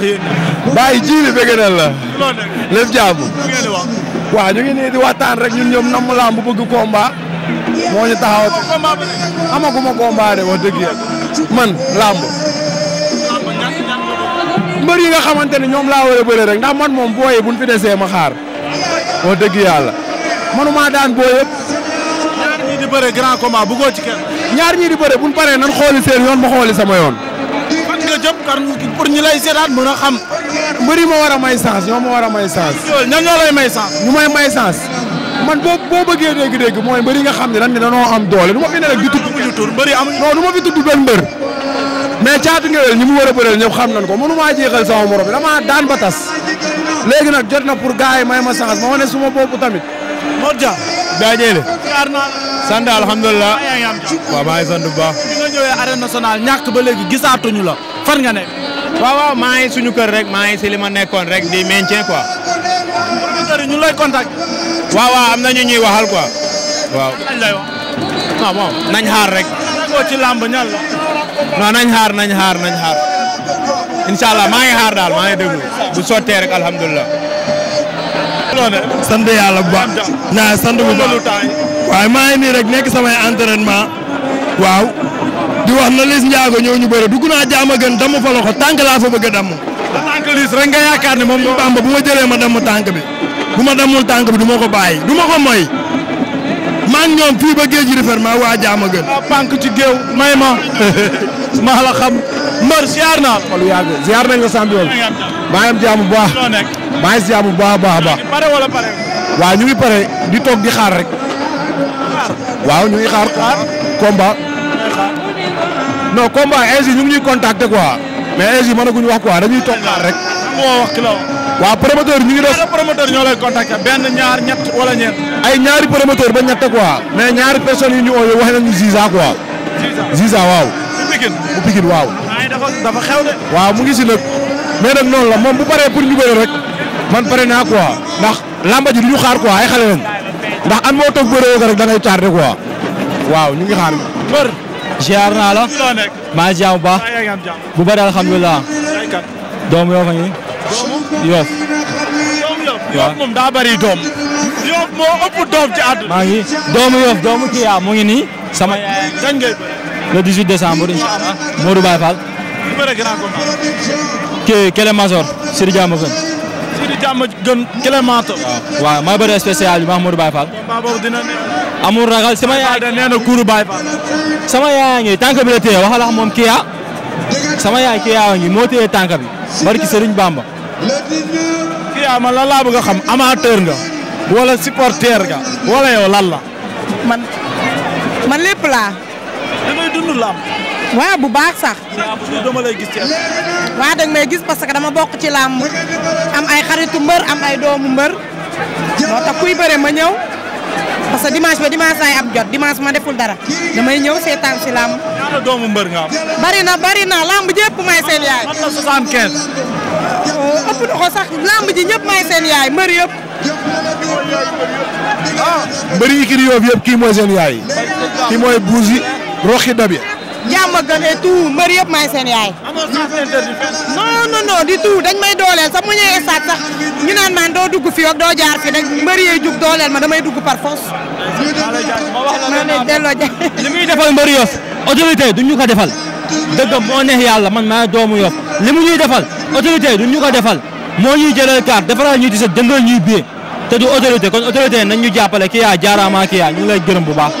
wax yéen. bàyyi ji li bëgg na ñu ngi nii di waxtaan rek ñun ñoom namm lamb bu bëgg combat. moo ñu taxaw amaguma combat de wax dëgg man lamb. mbër yi nga xamante ne ñoom laa war a bëre rek ndax man moom booyee buñ fi desee ma xaar. wax dëgg yàlla. manuma daan booy yëpp. ñaar ñii di bëre grand combat ñaar ñii di bëre buñ paree nan xooli seen yoon ma xooli sama yoon. jëm kan pour ñu lay seetaan mën a xam. mbëri ma war a may chance ñoo ma war a may chance. ñan ñoo lay may chance. ñu may may chance. man boo boo bëggee dégg-dégg mooy mbëri nga xam ne dañ ne dañoo am doole du ma fi ne rek di tudd. amuñu tur mbëri amuñu non du ma fi tudd benn mbër. mais caatu ngewel mu war a bëreel ñëpp xam nañ ko mënumaa jeexal sama morom bi ma daan ba tas léegi nag jot na pour gars yi may ma chance ma wane suma bopp tamit. Modou Dia. daajeele. sant alhamdulilah. waaw maa ngi sant bu baax. bi nga ñëwee la. fan nga nekk. waaw waaw maa ngi suñu rek maa ngi si li ma nekkoon rek di maintien quoi. producteurs ñu lay contact. waaw am na ñu ñuy waxal quoi. waaw lan lay wax. non nañ xaar rek. koo ci làmb ñal la. non nañ xaar nañ xaar nañ xaar. incha allah maa ngi xaar daal maa ngi déglu bu sottee rek alhamdulilah. sant bu baax. naa sant bu baax maa ngi nii nekk samay entraînement waaw. di wax na Liss Ndiago ñëw ñu bëre dugg naa jaama gën damm fa loxo tànk laa fa bëgg a damm. tànk Liss rek nga yaakaar ne moom. Bamba bu ma jëlee ma damm tànk bi bu ma dammul tànk bi du ma ko bàyyi du ma ko moy maa ngi ñoom fii ba géej gi refer maa waa jaama gën. maa pànk ci géew may ma maa la xam mbër ziar naa. xool yàgg ziar nañ la champion maa ngi am jaamu bu maa ngi si jaamu bu baax a baax a baax. ñu ngi pare di toog di xaar rek. waaw ñu ngi xaar combat. non combat ainsi ñu ngi ñuy contacter quoi mais ainsi mënaguñu wax quoi dañuy toog rek. waaw promoteur ñu ngi des. promoteur ñoo lay contacter benn ñaar ñett wala ñeent. ay ñaari promoteur ba ñett quoi. mais ñaari personnes yu ñu ooyee wax nañu Ziza quoi. Ziza waaw. bu Pikine bu waaw. mu ngi si nag. mais nag noonu la moom bu paree pour ñu bëre rek. man pare naa quoi ndax lamba ji du ñu xaar quoi ay xale lañ ndax an moo toog bëree rek da ngay tardé quoi waaw ñu ngi xaar. ziar naa la. maa ngi ziar bu baax. bu bëri alhamdulilah. doomu yoo daa bëri doom. yoo moo doom ci àdduna. maa ngi doomu yoo doomu mu ngi nii. sama yaay kañ le 18 décembre incha allah Modou Baye Fall. kii Kélé Masor Sidi di jàmm gën Clémento. waaw waaw maa bëri spécial bi Mahmoud Baye Fall. dina ne. ragal sama yaay. nee na kuuru Baye Fall. sama yaay ngi tànk bi la téye waxal moom Kia. sama yaay Kia ngi moo téye tànk bi. barki Serigne Bamba. Kia man lan laa a xam amateur nga. wala supporter nga. wala yow lan la. man man laa. dund lamb. waaw bu baax sax. dama lay gis ci waaw da nga may gis parce que dama bokk ci lamb am ay xaritu mbër am ay doomu mbër moo tax kuy bëre ma ñëw parce que dimanche ba dimanche ay am jot dimanche ma deful dara damay ñëw seetaan si lamb. ñaata doomu mbër nga am. bari na bari na lamb jëpp may seen yaay. man la 75. ëpp ji ñëpp may seen yaay mbër yëpp. ah mbëri ikiri yëpp kii mooy seen yaay. kii mooy buusi. roxi dabi. jàmm gën et tout mbër yëpp maay seen yaay. non non non di tout dañ may dooleel sax mu ñëwee stade sax ñu naan maan doo dugg fii doo jaar fii rek mbër yee jug dooleel ma damay dugg par force. e ne delloo li muy defal mbër Yoff autorité du ñu ko defal dëgg moo neex yàlla man maa doomu Yoff li mu ñuy defal autorité du ñu ko defal moo ñuy jëlal carte defaral ñuy disa jëndal ñuy bie te du autorité kon autorité nañ ñu jàppale kii yaa jaaraama kii ñu ngi lay gërëm bu baax.